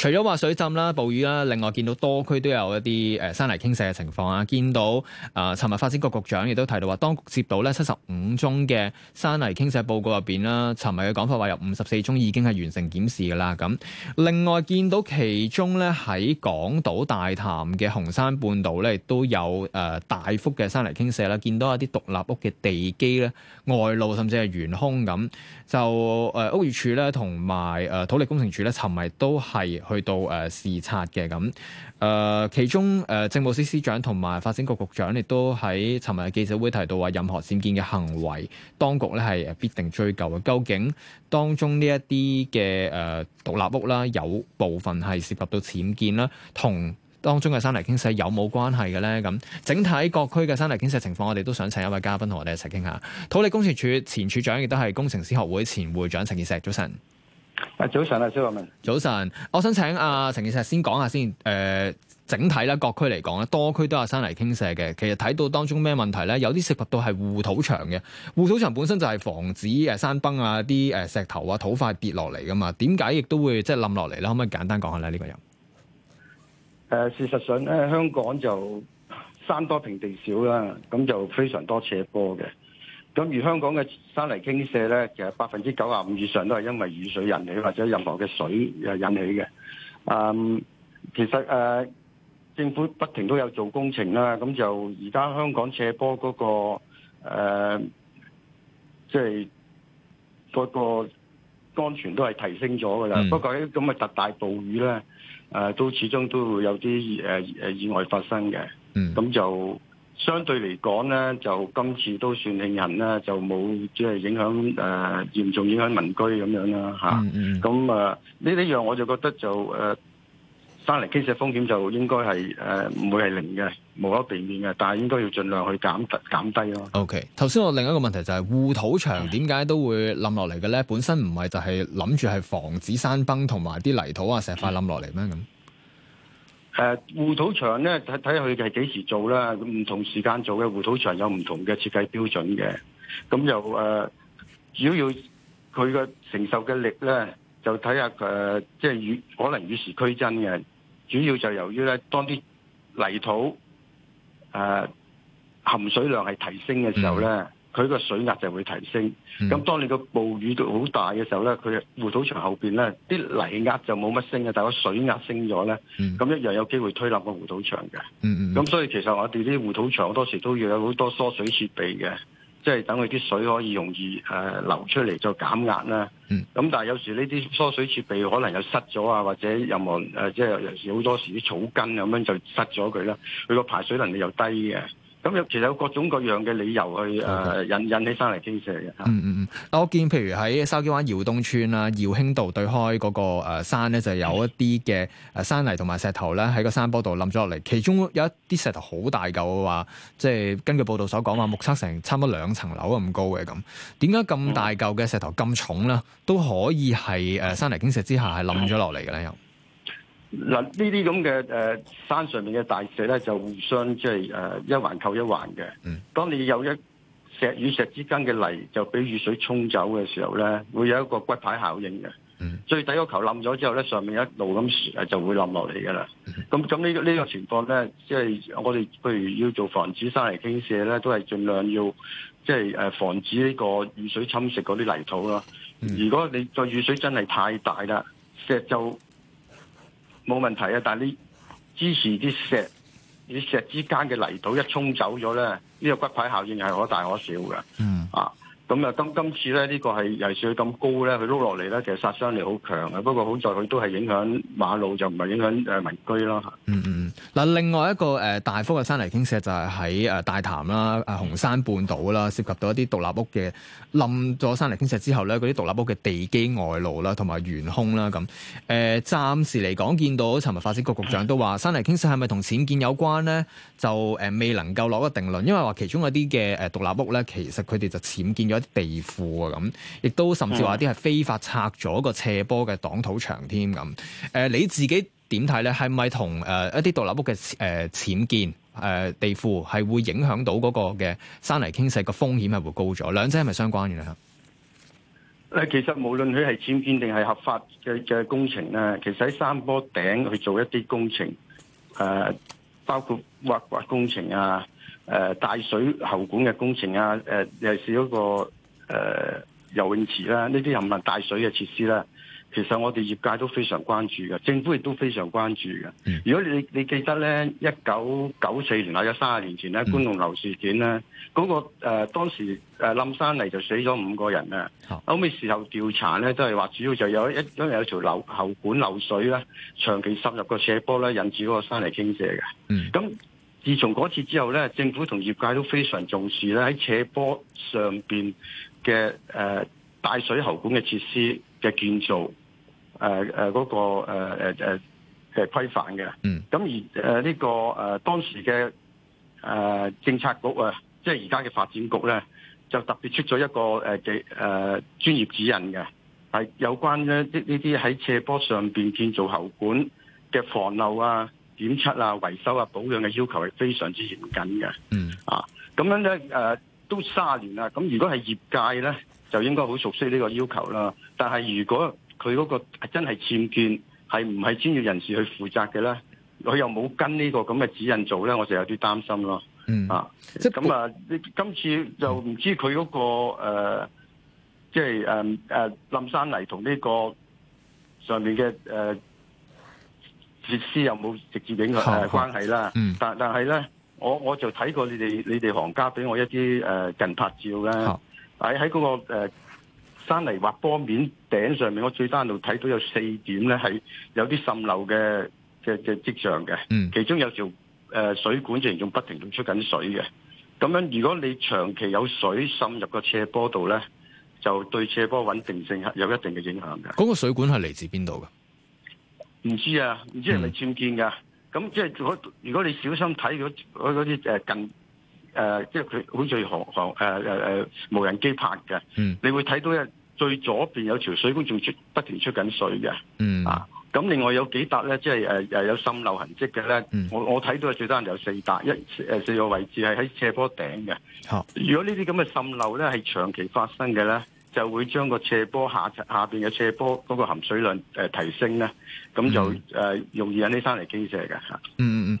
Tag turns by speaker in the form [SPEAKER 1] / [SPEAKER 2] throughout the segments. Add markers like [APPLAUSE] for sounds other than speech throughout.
[SPEAKER 1] 除咗話水浸啦、暴雨啦，另外見到多區都有一啲誒山泥傾瀉嘅情況啊！見到啊，呃、尋日發展局局長亦都提到話，當局接到咧七十五宗嘅山泥傾瀉報告入邊啦。尋日嘅講法話有五十四宗已經係完成檢視噶啦。咁另外見到其中咧喺港島大潭嘅紅山半島咧，亦都有誒、呃、大幅嘅山泥傾瀉啦。見到一啲獨立屋嘅地基咧外露，甚至係懸空咁。就誒、呃、屋宇署咧同埋誒土力工程處咧，尋日都係。去到誒視察嘅，咁，誒、呃、其中誒、呃、政務司司長同埋發展局局長亦都喺尋日記者會提到話，任何僭建嘅行為，當局咧係必定追究嘅。究竟當中呢一啲嘅誒獨立屋啦，有部分係涉及到僭建啦，同當中嘅山泥傾瀉有冇關係嘅咧？咁整體各區嘅山泥傾瀉情況，我哋都想請一位嘉賓同我哋一齊傾下。土力工程處前處長亦都係工程師學會前會長陳健碩，早晨。啊，早晨啊，朱文明。早晨，我想請阿陳健碩先講下先。誒、呃，整體咧，各區嚟講咧，多區都有山泥傾瀉嘅。其實睇到當中咩問題咧，有啲涉及到係護土牆嘅，護土牆本身就係防止誒山崩啊，啲誒石頭啊土塊跌落嚟噶嘛。點解亦都會即係冧落嚟咧？可唔可以簡單講下
[SPEAKER 2] 咧？呢個人誒，事實上咧，香港就山多平地少啦，咁就非常多斜坡嘅。咁而香港嘅山泥傾瀉咧，其實百分之九十五以上都係因為雨水引起或者任何嘅水引起嘅。Um, 其實、uh, 政府不停都有做工程啦，咁就而家香港斜坡嗰、嗰個即係嗰個安全都係提升咗噶啦。Mm. 不過啲咁嘅特大暴雨咧，uh, 都始終都會有啲、uh, 意外發生嘅。咁、mm. 就。相對嚟講咧，就今次都算慶幸啦，就冇即係影響誒，嚴、呃、重影響民居咁樣啦，吓、嗯。咁、嗯、啊，呢啲、呃、樣我就覺得就誒，山泥傾瀉風險就應該係誒，唔、呃、會係零嘅，無可避免嘅，但係應該要盡量去減減低咯。
[SPEAKER 1] O K，頭先我另一個問題就係、是、護土牆點解都會冧落嚟嘅咧？本身唔係就係諗住係防止山崩同埋啲泥土啊石塊冧落嚟咩咁？嗯
[SPEAKER 2] 誒護、uh, 土牆咧，睇睇佢係幾時做啦？唔同時間做嘅護土牆有唔同嘅設計標準嘅。咁又誒，主要佢嘅承受嘅力咧，就睇下佢，即係與可能與時俱增嘅。主要就由於咧，當啲泥土誒、呃、含水量係提升嘅時候咧。Mm hmm. 佢個水壓就會提升，咁當你個暴雨好大嘅時候咧，佢嘅護土牆後邊咧啲泥壓就冇乜升嘅，但個水壓升咗咧，咁一樣有機會推冧個護土牆嘅。嗯嗯，咁 [MUSIC] 所以其實我哋啲護土牆好多時都要有好多疏水設備嘅，即係等佢啲水可以容易誒流出嚟就減壓啦。嗯，咁 [MUSIC] 但係有時呢啲疏水設備可能又塞咗啊，或者任何誒即係有時好多時啲草根咁樣就塞咗佢啦，佢個排水能力又低嘅。咁有其實有各種各樣嘅理由去誒引
[SPEAKER 1] 引起山泥傾瀉嘅。Okay. 嗯嗯嗯，我見譬如喺筲箕灣耀東村啦、耀興道對開嗰個山咧，就有一啲嘅山泥同埋石頭咧，喺個山坡度冧咗落嚟。其中有一啲石頭好大嚿嘅話，即係根據報道所講話，目測成差唔多兩層樓咁高嘅咁。點解咁大嚿嘅石頭咁重咧，都可以係山泥傾瀉之下係冧咗落嚟嘅咧？
[SPEAKER 2] 嗱，呢啲咁嘅誒山上面嘅大石咧，就互相即係誒一環扣一環嘅。當當你有一石與石之間嘅泥就俾雨水沖走嘅時候咧，會有一個骨牌效應嘅。嗯。最底個球冧咗之後咧，上面一路咁誒就會冧落嚟噶啦。咁咁呢個呢個情況咧，即、就、係、是、我哋譬如要做防止山泥傾瀉咧，都係盡量要即係防止呢個雨水侵蝕嗰啲泥土咯。嗯。如果你個雨水真係太大啦，石就～冇問題啊，但係呢支持啲石與石之間嘅泥土一沖走咗咧，呢個骨牌效應係可大可小嘅，嗯啊。咁啊，今今次咧呢個係油水咁高咧，佢碌落嚟咧，其實殺傷力好強嘅。不過好在佢都係影響馬路，就唔係影響誒民居咯。嗯嗯。
[SPEAKER 1] 嗱，另外一個誒大幅嘅山泥傾瀉就係喺誒大潭啦、紅山半島啦，涉及到一啲獨立屋嘅冧咗山泥傾瀉之後咧，嗰啲獨立屋嘅地基外露啦，同埋懸空啦咁。誒，暫時嚟講，見到尋日發展局局長都話山泥傾瀉係咪同僭建有關咧？就誒未能夠攞個定論，因為話其中一啲嘅誒獨立屋咧，其實佢哋就僭建咗。地庫啊，咁亦都甚至話啲係非法拆咗個斜坡嘅擋土牆添咁。誒，你自己點睇咧？係咪同誒一啲獨立屋嘅誒僭建誒地庫係會影響到嗰個嘅山泥傾瀉個風險係會高咗？兩者係咪相關嘅咧？
[SPEAKER 2] 誒，其實無論佢係僭建定係合法嘅嘅工程咧，其實喺山坡頂去做一啲工程，誒，包括挖掘工程啊。.誒，帶、呃、水喉管嘅工程啊，誒、呃，尤其係嗰個誒、呃、游泳池啦、啊，呢啲任何帶水嘅設施啦、啊，其實我哋業界都非常關注嘅，政府亦都非常關注嘅。嗯、如果你你記得咧，一九九四年或者卅年前咧，觀龍樓事件咧，嗰、嗯那個誒、呃、當時誒冧、呃、山泥就死咗五個人啊。後尾、啊、時候調查咧，都係話主要就有一因為有條流喉，喉管漏水咧，長期滲入個斜坡咧，引致嗰個山泥傾瀉嘅。嗯，咁。自從嗰次之後咧，政府同業界都非常重視咧喺斜坡上邊嘅誒帶水喉管嘅設施嘅建造，誒誒嗰個誒誒嘅規範嘅。嗯，咁而誒呢個誒當時嘅誒政策局啊，即係而家嘅發展局咧，就特別出咗一個誒嘅誒專業指引嘅，係有關咧呢啲喺斜坡上邊建造喉管嘅防漏啊、檢測啊、維修啊、保養嘅要求係非常之嚴謹嘅。嗯啊，咁樣咧誒、呃、都卅年啦。咁如果係業界咧，就應該好熟悉呢個要求啦。但係如果佢嗰個真係僭建，係唔係專業人士去負責嘅咧？佢又冇跟呢個咁嘅指引做咧，我就有啲擔心咯。嗯啊，即係不咁啊！你今次就唔知佢嗰個誒，即係誒誒冧山泥同呢個上面嘅誒。呃設施又有冇直接影響誒關係啦、哦嗯？但但係咧，我我就睇過你哋你哋行家俾我一啲誒、呃、近拍照啦。喺喺嗰個、呃、山泥滑坡面頂上面，我最低限度睇到有四點咧係有啲滲漏嘅嘅嘅跡象嘅。嗯、其中有條誒、呃、水管仲仲不停咁出緊水嘅。咁樣如果你長期有水滲入個斜坡度咧，就對斜坡穩定性有一定嘅影響嘅。
[SPEAKER 1] 嗰個水管係嚟自邊度嘅？
[SPEAKER 2] 唔知啊，唔知係咪僭建噶？咁即係如果你小心睇嗰啲誒近誒、呃，即係佢好似航航誒誒誒無人機拍嘅，mm. 你會睇到一最左邊有條水管仲出不停出緊水嘅，mm. 啊！咁另外有幾笪咧，即係誒誒有滲漏痕跡嘅咧、mm.，我我睇到最低限度有四笪，一誒四個位置係喺斜坡頂嘅。Oh. 如果呢啲咁嘅滲漏咧，係長期發生嘅咧。就會將個斜坡下下邊嘅斜坡嗰個含水量誒提升咧，咁就誒容易引起山泥傾瀉嘅嚇。嗯嗯
[SPEAKER 1] 嗯、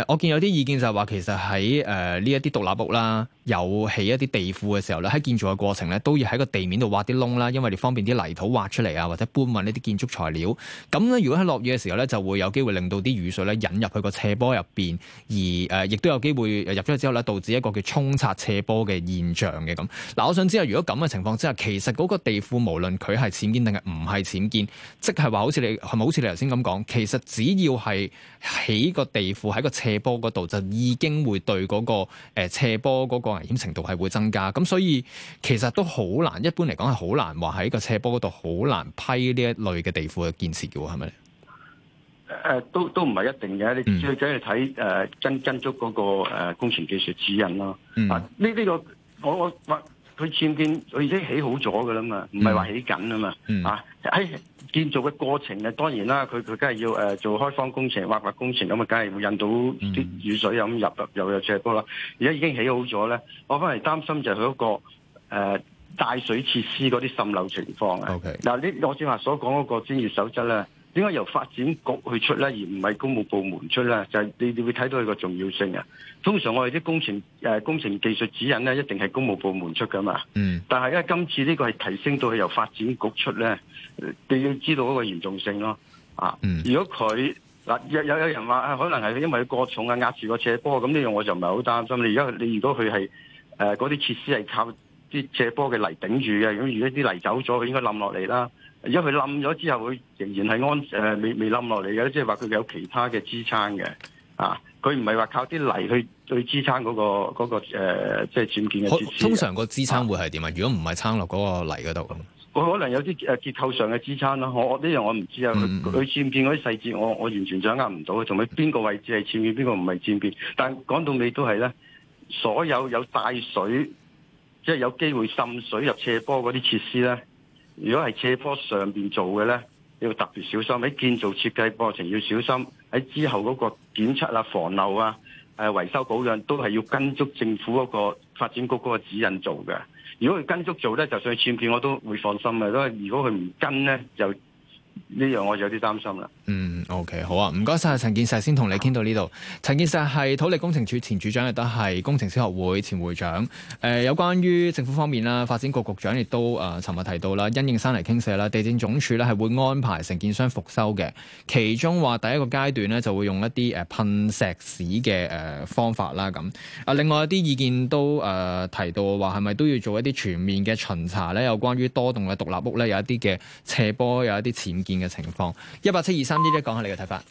[SPEAKER 1] 呃，我見有啲意見就係話，其實喺誒呢一啲獨立屋啦。有起一啲地庫嘅時候咧，喺建造嘅過程咧，都要喺個地面度挖啲窿啦，因為你方便啲泥土挖出嚟啊，或者搬運呢啲建築材料。咁咧，如果喺落雨嘅時候咧，就會有機會令到啲雨水咧引入去個斜坡入邊，而誒亦都有機會入咗去之後咧，導致一個叫沖刷斜坡嘅現象嘅咁。嗱，我想知啊，如果咁嘅情況之下，其實嗰個地庫無論佢係僭建定係唔係僭建，即係話好似你係咪好似你頭先咁講，其實只要係起個地庫喺個斜坡嗰度，就已經會對嗰個、呃、斜坡嗰個危險程度係會增加，咁所以其實都好難，一般嚟講係好難話喺個斜坡嗰度好難批呢一類嘅地庫嘅建設嘅，係咪咧？誒、
[SPEAKER 2] 呃，都都唔係一定嘅，嗯、你最緊要睇誒，跟、呃、跟足嗰、那個誒、呃、工程技術指引咯。呢呢、嗯啊這個我我。我佢前邊佢已經起好咗噶啦嘛，唔係話起緊啊嘛，啊喺建造嘅過程啊、嗯，當然啦，佢佢梗係要誒做開荒工程、挖掘工程咁啊，梗係會引到啲雨水咁入入又有斜坡啦。而家已經起好咗咧，我反而擔心就係佢嗰個誒、呃、帶水設施嗰啲滲漏情況啊。嗱 Okay.，啲我正話所講嗰個專業守則咧。點解由發展局去出咧，而唔係公務部門出咧？就係、是、你你會睇到佢個重要性啊！通常我哋啲工程誒、呃、工程技術指引咧，一定係公務部門出噶嘛。嗯。但係因為今次呢個係提升到佢由發展局出咧、呃，你要知道嗰個嚴重性咯。啊。如果佢嗱、呃、有有有人話啊，可能係因為佢過重啊，壓住個斜坡咁呢樣，我就唔係好擔心。你而家你如果佢係誒嗰啲設施係靠啲斜坡嘅泥頂住嘅，如果如果啲泥走咗，佢應該冧落嚟啦。因為佢冧咗之後，佢仍然係安誒、呃、未未冧落嚟嘅，即係話佢有其他嘅支撐嘅。啊，佢唔係話靠啲泥去去支撐嗰、那個嗰即係漸變嘅設施。通
[SPEAKER 1] 常個支撐會係點啊？如果唔係撐落嗰個泥嗰度，
[SPEAKER 2] 佢、啊、可能有啲誒結構上嘅支撐咯。我呢樣我唔、這個、知啊，佢佢漸變嗰啲細節我，我我完全掌握唔到。同埋邊個位置係漸變，邊個唔係漸變？但係講到尾都係咧，所有有帶水，即、就、係、是、有機會滲水入斜坡嗰啲設施咧。如果係斜坡上面做嘅咧，要特別小心，喺建造設計過程要小心，喺之後嗰個檢測啊、防漏啊、誒、啊、維修保養都係要跟足政府嗰個發展局嗰個指引做嘅。如果佢跟足做咧，就算佢僭建我都會放心嘅。因為如果佢唔跟咧，就。呢樣
[SPEAKER 1] 我有啲擔心啦。嗯，OK，好啊，唔該晒。陳健碩先同你傾到呢度。陳健碩係土力工程處前處長，亦都係工程師學會前會長。誒、呃，有關於政府方面啦，發展局局長亦都誒，尋、呃、日提到啦，因應山嚟傾瀉啦，地政總署咧係會安排承建商復修嘅。其中話第一個階段咧就會用一啲誒噴石屎嘅誒方法啦咁。啊，另外一啲意見都誒、呃、提到嘅話，係咪都要做一啲全面嘅巡查咧？有關於多棟嘅獨立屋咧，有一啲嘅斜坡，有一啲前。見嘅情況一八七二三呢啲，講下你嘅睇法。